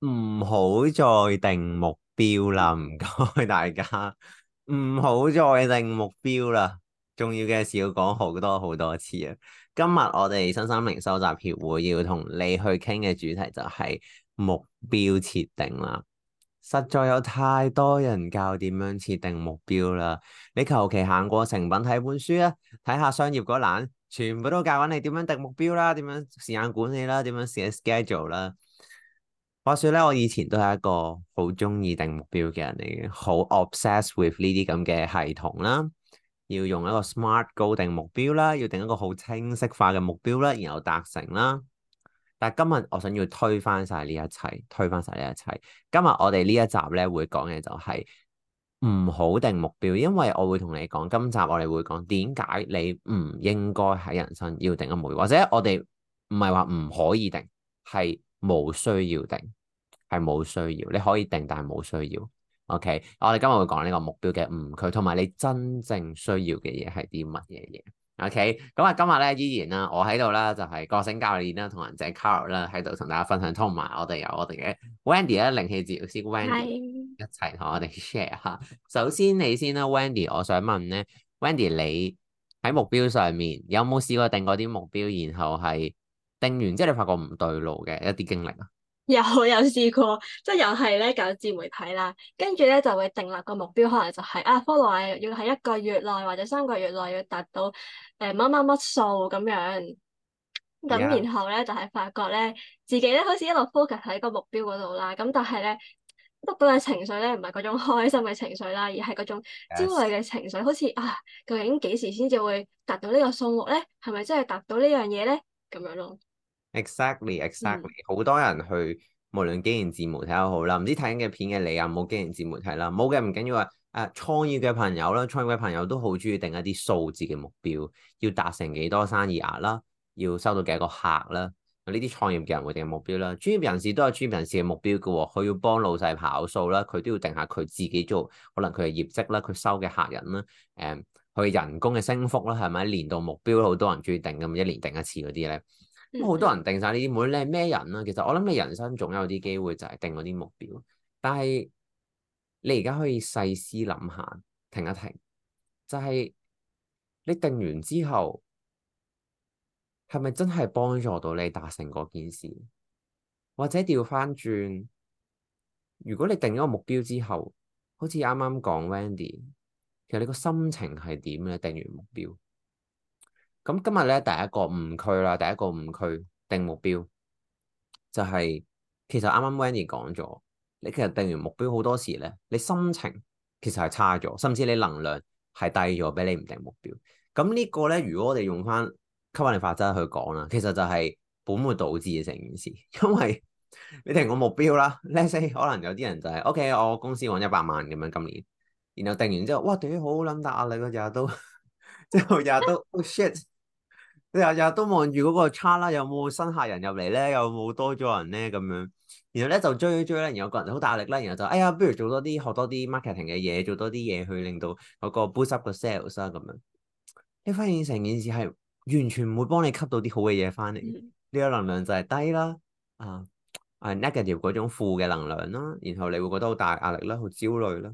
唔好再定目標啦，唔該大家，唔好再定目標啦。重要嘅事要講好多好多次啊。今日我哋身心靈修習協會要同你去傾嘅主題就係目標設定啦。實在有太多人教點樣設定目標啦。你求其行過誠品睇本書啊，睇下商業嗰欄。全部都教緊你點樣定目標啦，點樣時間管理啦，點樣寫 schedule 啦。話說咧，我以前都係一個好中意定目標嘅人嚟嘅，好 obsess with 呢啲咁嘅系統啦。要用一個 smart goal 定目標啦，要定一個好清晰化嘅目標啦，然後達成啦。但係今日我想要推翻晒呢一切，推翻晒呢一切。今日我哋呢一集咧會講嘅就係、是。唔好定目標，因為我會同你講，今集我哋會講點解你唔應該喺人生要定一個目標，或者我哋唔係話唔可以定，係冇需要定，係冇需要。你可以定，但係冇需要。OK，我哋今日會講呢個目標嘅誤區，同埋你真正需要嘅嘢係啲乜嘢嘢。o k 咁啊，okay，今日咧依然啦，我喺度啦，就係覺醒教練啦，同人仔 Carol 啦，喺度同大家分享，同埋我哋有我哋嘅 Wendy 啦是，靈氣治療師 Wendy 一齊同我哋 share 吓。首先你先啦，Wendy，我想問咧，Wendy 你喺目標上面有冇試過定過啲目標，然後係定完，之後你發覺唔對路嘅一啲經歷啊？又有試過，即係又係咧搞自媒體啦，跟住咧就會定立個目標，可能就係啊，follow 要喺一個月內或者三個月內要達到誒乜乜乜數咁樣。咁 Yeah. 然後咧就係發覺咧，自己咧好似一路 focus 喺個目標嗰度啦。咁但係咧，得到嘅情緒咧唔係嗰種開心嘅情緒啦，而係嗰種焦慮嘅情緒，好似啊，究竟幾時先至會達到呢個數目咧？係咪真係達到呢樣嘢咧？咁樣咯。Exactly, exactly. Mm, hmm. 好多人去，無論經營自媒體又好啦，唔知睇緊嘅片嘅你啊，冇經營自媒體啦，冇嘅唔緊要啊。誒，創業嘅朋友啦，創業嘅朋友都好中意定一啲數字嘅目標，要達成幾多生意額啦，要收到幾多個客啦。呢啲創業嘅人會定目標啦，專業人士都有專業人士嘅目標嘅喎，佢要幫老細跑數啦，佢都要定下佢自己做，可能佢嘅業績啦，佢收嘅客人啦，誒、嗯，佢人工嘅升幅啦，係咪年度目標？好多人中意定咁，一年定一次嗰啲咧。咁好、嗯、多人定晒呢啲，妹，你係咩人啦、啊，其實我諗你人生總有啲機會就係定嗰啲目標。但係你而家可以細思諗下，停一停，就係、是、你定完之後，係咪真係幫助到你達成嗰件事？或者調翻轉，如果你定咗個目標之後，好似啱啱講 Wendy，其實你個心情係點嘅？定完目標？咁今日咧，第一個誤區啦，第一個誤區定目標就係、是、其實啱啱 Wendy 講咗，你其實定完目標好多時咧，你心情其實係差咗，甚至你能量係低咗，比你唔定目標。咁呢個咧，如果我哋用翻吸引力法則去講啦，其實就係本末倒置嘅成件事，因為你定個目標啦，let's say 可能有啲人就係、是、，OK，我公司揾一百萬咁樣今年，然後定完之後，哇，屌好撚大壓力㗎，日日都，即係日日都 shit！ 日日都望住嗰個叉啦，有冇新客人入嚟咧？有冇多咗人咧？咁樣，然後咧就追追咧，然後個人好大壓力啦。然後就哎呀，不如做多啲學多啲 marketing 嘅嘢，做多啲嘢去令到嗰個 boost up 個 sales 啦。咁樣。你發現成件事係完全唔會幫你吸到啲好嘅嘢翻嚟，呢、嗯、個能量就係低啦，啊啊 negative 嗰種負嘅能量啦，然後你會覺得好大壓力啦，好焦慮啦。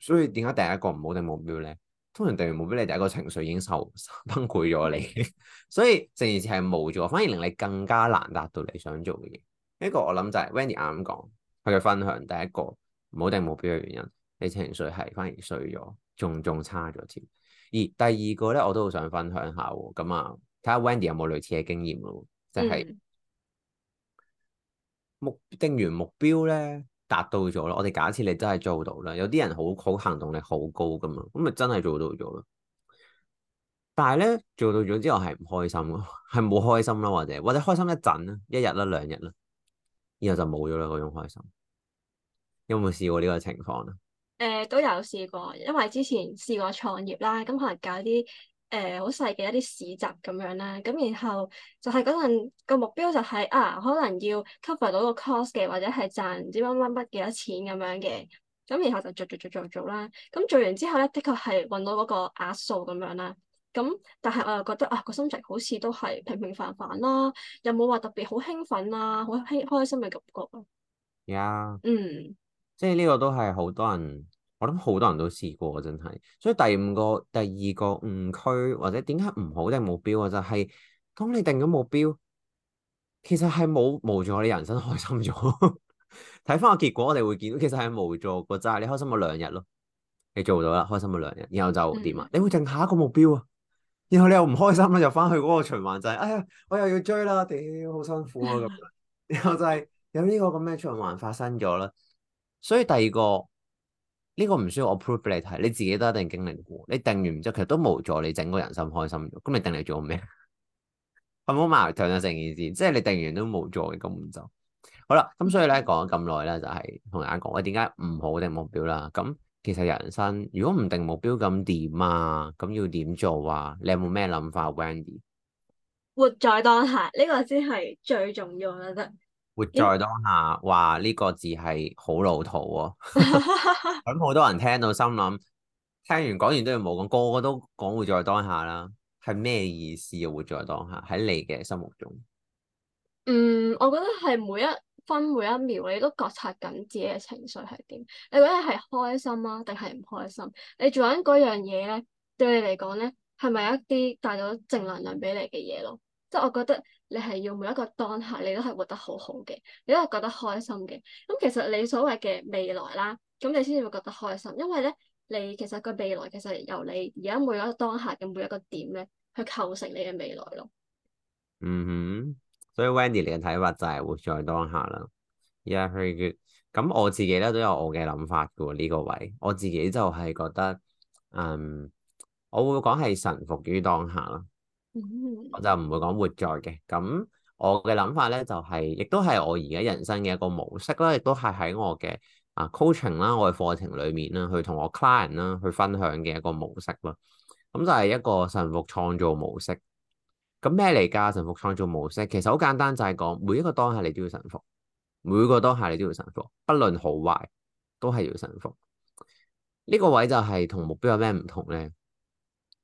所以點解第一個唔好定目標咧？通常定完目標，你第一個情緒已經受崩潰咗你， 所以成件事係無助，反而令你更加難達到你想做嘅嘢。呢、這個我諗就係 Wendy 啱啱講，佢嘅分享。第一個唔好定目標嘅原因，你情緒係反而衰咗，仲仲差咗添。而第二個咧，我都好想分享下喎。咁啊，睇下 Wendy 有冇類似嘅經驗咯，就係、是、目、嗯、定完目標咧。達到咗咯，我哋假設你真係做到啦，有啲人好好行動力好高噶嘛，咁咪真係做到咗咯。但係咧，做到咗之後係唔開心咯，係冇開心咯，或者或者開心一陣啦，一日啦，兩日啦，然後就冇咗啦嗰種開心。有冇試過呢個情況啊？誒、呃，都有試過，因為之前試過創業啦，咁可能搞啲。誒，好細嘅一啲市集咁樣啦，咁然後就係嗰陣個目標就係、是、啊，可能要 cover 到個 cost 嘅，或者係賺唔知乜乜乜幾多錢咁樣嘅，咁然後就做做做做做啦，咁做，做完之後咧，的確係搵到嗰個額數咁樣啦，咁但係我又覺得啊，個心情好似都係平平凡凡啦，又冇話特別好興奮啦，好興開心嘅感覺啊，呀，Yeah, 嗯，即係呢個都係好多人。我諗好多人都試過，真係。所以第五個、第二個誤區或者點解唔好定目標啊？就係、是、當你定咗目標，其實係冇無助你人生開心咗。睇翻個結果，我哋會見到其實係無助個，就係、是、你開心咗兩日咯，你做到啦，開心咗兩日，然後就點啊？你會定下一個目標啊？然後你又唔開心啦，又翻去嗰個循環就係、是，哎呀，我又要追啦，屌、哎，好辛苦啊咁。然後就係、是、有呢個咁嘅循環發生咗啦。所以第二個。呢個唔需要我 prove 俾你睇，你自己都一定經歷過。你定完之後，其實都冇助你整個人生開心。咁你定嚟做咩？咁好矛盾啊成件事，即係你定完都冇助，根本就好啦。咁所以咧講咗咁耐啦，就係同大家講，我點解唔好定目標啦？咁其實人生如果唔定目標，咁點啊？咁要點做啊？你有冇咩諗法，Wendy？活在當下，呢個先係最重要嘅嘢。活在當下，話呢個字係好老土喎、哦，咁 好多人聽到心諗，聽完講完都要冇講，個個都講活在當下啦，係咩意思啊？活在當下喺你嘅心目中，嗯，我覺得係每一分每一秒你，你都覺察緊自己嘅情緒係點，你覺得係開心啊，定係唔開心？你做緊嗰樣嘢咧，對你嚟講咧，係咪一啲帶咗正能量俾你嘅嘢咯？即係我覺得。你係要每一個當下你，你都係活得好好嘅，你都係覺得開心嘅。咁其實你所謂嘅未來啦，咁你先至會覺得開心，因為咧，你其實個未來其實由你而家每一個當下嘅每一個點咧，去構成你嘅未來咯。嗯哼，所以 Wendy 你嘅睇法就係活在當下啦。Yeah, very good。咁我自己咧都有我嘅諗法㗎喎呢個位，我自己就係覺得，嗯，我會講係臣服於當下啦。我就唔會講活在嘅，咁我嘅諗法咧就係、是，亦都係我而家人生嘅一個模式啦，亦都係喺我嘅啊 coaching 啦，我嘅課程裏面啦，去同我 client 啦去分享嘅一個模式咯。咁就係一個臣服創造模式。咁咩嚟噶？臣服創造模式，其實好簡單就，就係講每一個當下你都要臣服，每個當下你都要臣服，不論好壞，都係要臣服。呢、這個位就係、是、同目標有咩唔同咧？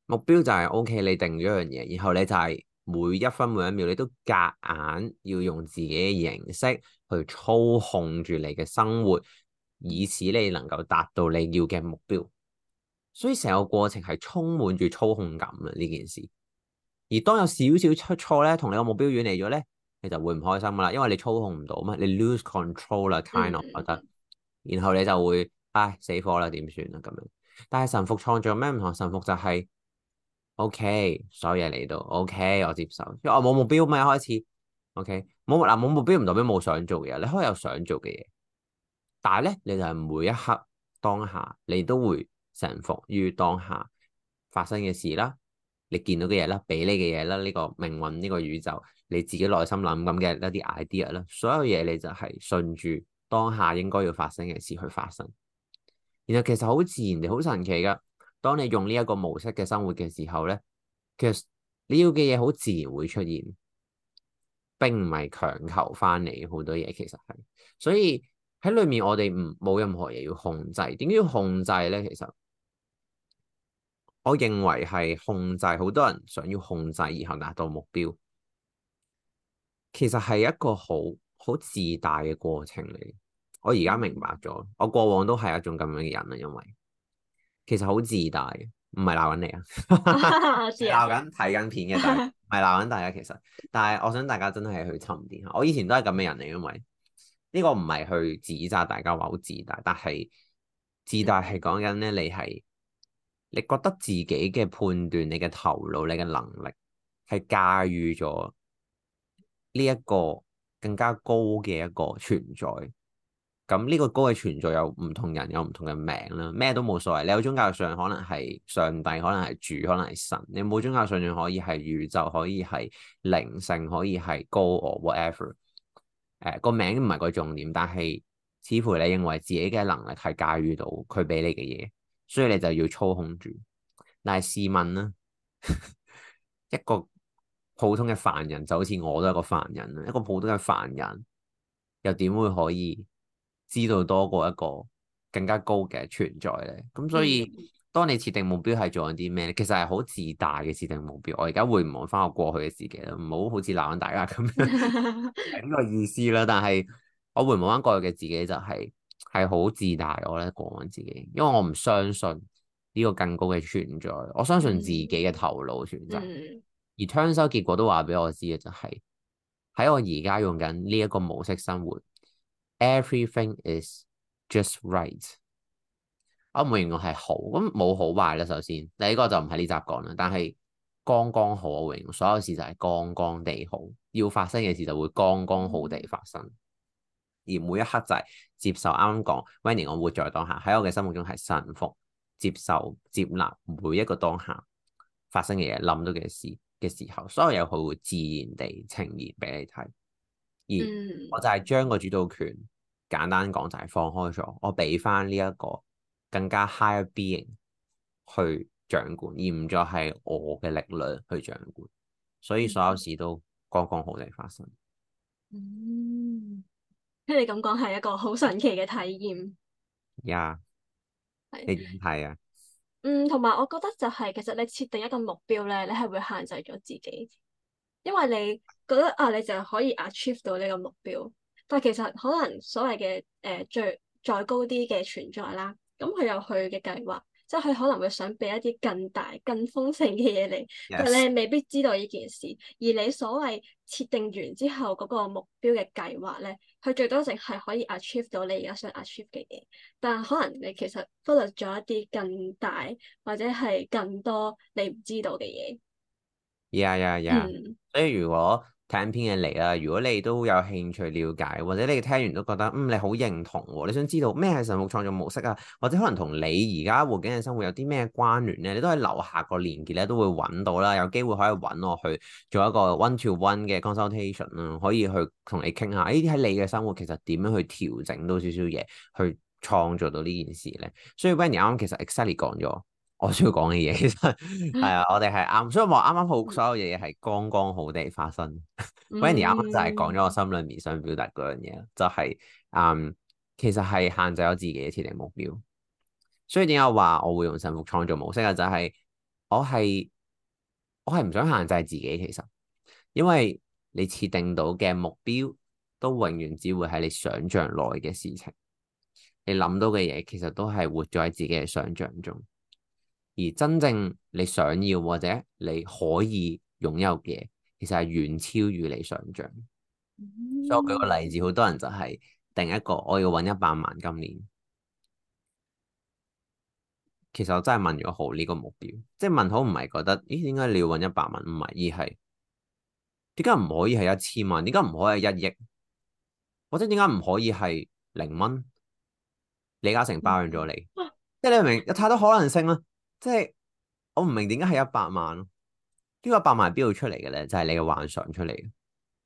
目標就係 OK，你定咗一樣嘢，然後你就係每一分每一秒你都夾硬要用自己嘅形式去操控住你嘅生活，以此你能夠達到你要嘅目標。所以成個過程係充滿住操控感啊！呢件事，而當有少少出錯咧，同你個目標遠離咗咧，你就會唔開心噶啦，因為你操控唔到嘛，你 lose control 啦，kind of 覺得，然後你就會唉、哎、死火啦，點算啊咁樣？但係神服創造咩唔同？神服就係、是。O K，所有嘢嚟到 O K，我接受。我、啊、冇目標嘛，一開始 O K，冇嗱冇目標唔代表冇想做嘅嘢，你可以有想做嘅嘢。但係咧，你就係每一刻當下，你都會臣服於當下發生嘅事啦，你見到嘅嘢啦，俾你嘅嘢啦，呢個命運呢個宇宙，你自己內心諗咁嘅一啲 idea 啦，所有嘢你就係順住當下應該要發生嘅事去發生。然後其實好自然嘅，好神奇噶。當你用呢一個模式嘅生活嘅時候咧，其實你要嘅嘢好自然會出現，並唔係強求翻,你好多嘢。其實係，所以喺裏面我哋唔冇任何嘢要控制。點解要控制咧？其實我認為係控制，好多人想要控制，然後達到目標，其實係一個好好自大嘅過程嚟。我而家明白咗，我過往都係一種咁樣嘅人啊，因為。其實好自大嘅，唔係鬧緊你啊，鬧緊睇緊片嘅，但係唔係鬧緊大家啊。其實，但係我想大家真係去沉澱下。我以前都係咁嘅人嚟，因為呢個唔係去指責大家話好自大，但係自大係講緊咧，你係你覺得自己嘅判斷、你嘅頭腦、你嘅能力係駕馭咗呢一個更加高嘅一個存在。咁呢個高嘅存在有唔同人有唔同嘅名啦，咩都冇所謂。你有宗教上可能係上帝，可能係主，可能係神；你冇宗教上，仲可以係宇宙，可以係靈性，可以係高我 whatever、呃。誒，個名唔係個重點，但係似乎你認為自己嘅能力係駕馭到佢俾你嘅嘢，所以你就要操控住。但係試問啦， 一個普通嘅凡人，就好似我都係個凡人啦，一個普通嘅凡人，又點會可以？知道多過一個更加高嘅存在咧，咁所以當你設定目標，係做緊啲咩咧，其實係好自大嘅設定目標。我而家回望翻我過去嘅自己啦，唔好好似鬧緊大家咁樣咁 呢 意思啦。但係我回望翻過去嘅自己就係係好自大我，我咧過往自己，因為我唔相信呢個更高嘅存在，我相信自己嘅頭腦選擇。Mm hmm. 而槍修結果都話俾我知嘅就係、是、喺我而家用緊呢一個模式生活。Everything is just right。我唔會形容係好，咁冇好壞啦。首先，第一個就唔係呢集講啦。但係剛剛好啊，我形容所有事就係剛剛地好，要發生嘅事就會剛剛好地發生。而每一刻就係、是、接受啱啱講，Wendy 我活在當下，喺我嘅心目中係臣服、接受、接納每一個當下發生嘅嘢、諗到嘅事嘅時候，所有嘢，佢會自然地呈現俾你睇。而我就係將個主導權，簡單講就係放開咗，我俾翻呢一個更加 higher being 去掌管，而唔再係我嘅力量去掌管，所以所有事都剛剛好地發生。嗯，聽你咁講係一個好神奇嘅體驗。呀，係係啊。嗯，同埋我覺得就係其實你設定一個目標咧，你係會限制咗自己。因為你覺得啊，你就可以 achieve 到呢個目標，但係其實可能所謂嘅誒、呃、最再高啲嘅存在啦，咁佢有佢嘅計劃，即係佢可能會想俾一啲更大、更豐盛嘅嘢你。Yes. 但係你未必知道呢件事。而你所謂設定完之後嗰個目標嘅計劃咧，佢最多淨係可以 achieve 到你而家想 achieve 嘅嘢，但係可能你其實忽略咗一啲更大或者係更多你唔知道嘅嘢。呀呀呀！所以如果睇片嘅你啦，如果你都有興趣了解，或者你聽完都覺得嗯，你好認同、哦，你想知道咩係臣服創造模式啊，或者可能同你而家環境嘅生活有啲咩關聯咧，你都可以留下個連結咧，都會揾到啦。有機會可以揾我去做一個 one to one 嘅 consultation 啦，可以去同你傾下，呢啲喺你嘅生活其實點樣去調整到少少嘢，去創造到呢件事咧。所以 Wendy 啱啱其實 exactly 講咗。我要講嘅嘢，其實係啊， 我哋係啱， 所以我啱啱好， 所有嘢嘢係剛剛好地發生。Vinny 啱啱就係講咗我心裏面想表達嗰樣嘢，就係、是、嗯，um, 其實係限制咗自己嘅設定目標。所以點解話我會用臣服創造模式啊？就係、是、我係我係唔想限制自己。其實因為你設定到嘅目標，都永遠只會喺你想象內嘅事情，你諗到嘅嘢，其實都係活咗喺自己嘅想象中。而真正你想要或者你可以擁有嘅，其實係遠超於你想像。所以我舉個例子，好多人就係定一個我要搵一百萬今年。其實我真係問咗好呢個目標，即係問好唔係覺得咦？點解你要搵一百萬？唔係，而係點解唔可以係一千萬？點解唔可以係一億？或者點解唔可以係零蚊？李嘉誠包養咗你，即係你明有太多可能性啦。即係我唔明點解係一百萬咯？呢個一百萬邊度出嚟嘅咧？就係你嘅幻想出嚟嘅。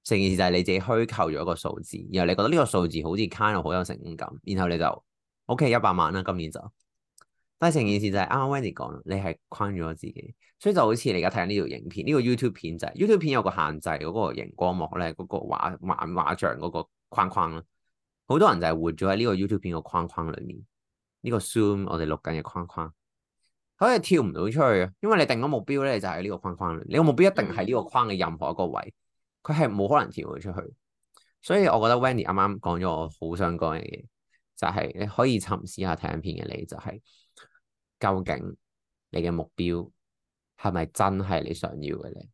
成件事就係你自己虛構咗一個數字，然後你覺得呢個數字好似 kind of 好有成功感，然後你就 O K 一百萬啦。今年就，但係成件事就係啱啱 Wendy 講，你係框住咗自己，所以就好似你而家睇緊呢條影片，呢個 YouTube 片就係 YouTube 片有個限制，嗰個熒光幕咧，嗰個畫漫畫像嗰個框框啦。好多人就係活咗喺呢個 YouTube 片個框框裏面，呢個 Zoom 我哋錄緊嘅框框。可以跳唔到出去啊，因為你定咗目標咧，就喺呢個框框。你個目標一定喺呢個框嘅任何一個位，佢係冇可能跳佢出去。所以我覺得 Wendy 啱啱講咗我好想講嘅嘢，就係、是、你可以沉思下睇影片嘅你，就係、是、究竟你嘅目標係咪真係你想要嘅咧？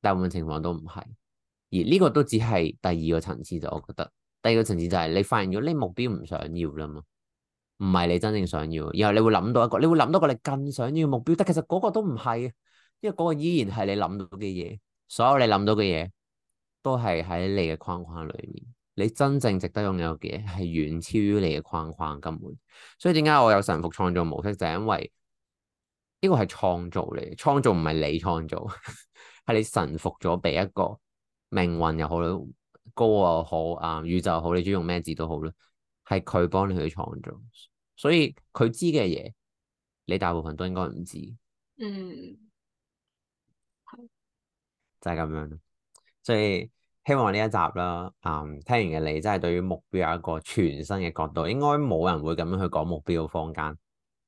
大部分情況都唔係，而呢個都只係第二個層次。就我覺得第二個層次就係你發現咗呢目標唔想要啦嘛。唔係你真正想要，然後你會諗到一個，你會諗到一個你更想要嘅目標，但其實嗰個都唔係，因為嗰個依然係你諗到嘅嘢。所有你諗到嘅嘢都係喺你嘅框框裏面。你真正值得擁有嘅嘢係遠超於你嘅框框根本。所以點解我有臣服創造模式就係、是、因為呢個係創造嚟嘅，創造唔係你創造，係 你臣服咗俾一個命運又好、高又好啊、宇宙好，你中意用咩字都好啦，係佢幫你去創造。所以佢知嘅嘢，你大部分都應該唔知。嗯，就係咁樣咯。所以希望呢一集啦，嗯，聽完嘅你真係對於目標有一個全新嘅角度。應該冇人會咁樣去講目標嘅。坊間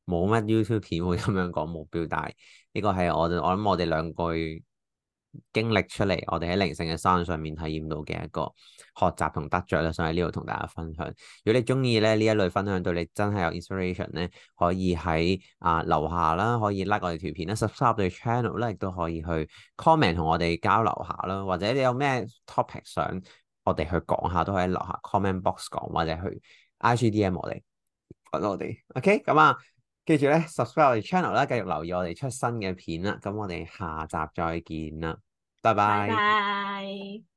冇乜 YouTube 片會咁樣講目標。嗯、但係呢個係我，我諗我哋兩句，經歷出嚟，我哋喺靈性嘅山上面體驗到嘅一個學習同得着啦，想喺呢度同大家分享。如果你中意咧呢一類分享到你真係有 inspiration 咧，可以喺啊樓下啦，可以 like 我哋條片 subscribe 啦，subscribe 我哋 channel 咧，亦都可以去 comment 同我哋交流下啦。或者你有咩 topic 想我哋去講下，都可以留下 comment box 講，或者去 IGDM 我哋，我哋 OK，咁啊。記住咧，subscribe 我哋 channel 啦，繼續留意我哋出新嘅片啦，咁我哋下集再見啦，拜拜。Bye bye!